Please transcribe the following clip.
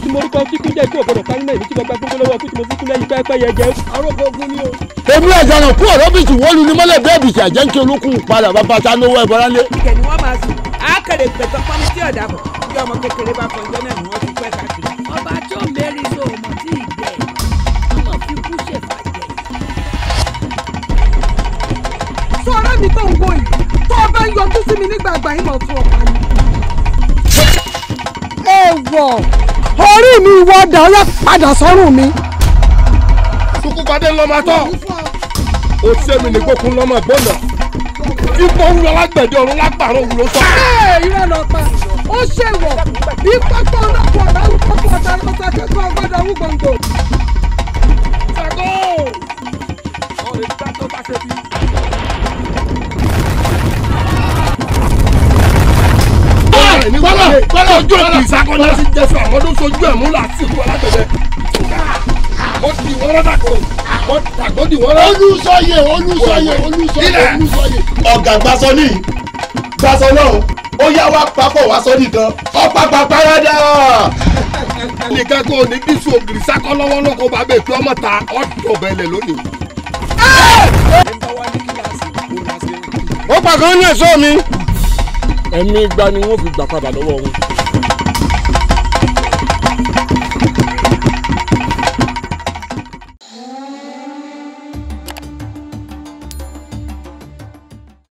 tí mo rí pé kíkún jẹ́ ikú òbòdò pa iná èmi tí mo gba gbogbo lọ́wọ́ kú tí mo fi kún lẹ́yìn pẹ́ẹ́pẹ́ yẹn jẹ́ arógbó ogun ni o. èmi ẹ̀jẹ̀ náà kú ọ̀rọ̀ bìtì wọ́ọ̀lù ni mọ́lẹ̀ bẹ́ẹ̀ bìtì àjẹ́ olókùn padà bàbá ta lówó ẹ̀ bọ́lá lé. ni wọ́n máa sùn àákèrè pẹ̀tọ́ pọ́nmi tí ọ̀dà bọ̀ ọmọ kékeré bá kọjá náà ni wọ́n ti pẹ́ káàkiri. ọba tó mẹ́rin so mọ̀ tí ì gbẹ̀ ọmọ fi kú ṣèfàjẹ́. sọ ọ̀rẹ́ mi wo yìí tó bá ń yọjú sí mi nígbà àgbà yìí mọ̀ fún ọ̀pá ni. ẹ wọ̀ orí mi ìwọ ọ̀dà ọ̀yà padà sọ́rùn mi. sukubade lọ́mọ tọ́ o ṣe mi ní gbókun lọ́mọ gbọ́nà ipò ń lọ lágbẹ̀dẹ ọ̀run lágbàrún òwúrọ̀ sọ. ẹ ìrẹ́ lọ pa ó ṣe wọ̀ bí pápá ọlọ́pàá ọ̀dà ọ̀dà ọ̀dà ọ̀dà kẹ́kọ̀ọ́ gbọ́dọ̀ ọ̀hún gbọ̀ngàn. ṣàgó ọ̀rẹ́ ìgbà bá ṣe bí. sojú èkì ìsakọ́jà sí jẹ́sí àwọn tó sojú ẹ̀ múlá sí ìlú alágbẹ̀dẹ. ó di wọ́rọ́ dàgbò dàgbò di wọ́rọ́. olùsọyè olùsọyè olùsọyè olùsọyè. ọ̀gá gbasọ ní gbasọ náà ó yá wá papọ̀ wá sọ nìkan ọ̀pá pàrọ̀dà. nìkan kò ní dísù ògiri sakọ lọ́wọ́ lọ́kọ́ bá bẹ̀ pé ọmọ ta ọ̀dọ̀ bẹ̀lẹ̀ lónìí. ó pàgọ́ ní ẹ̀ṣọ́ mi ẹ̀mí igba ni wọ́n fi gbà padà lọ́wọ́ wọn.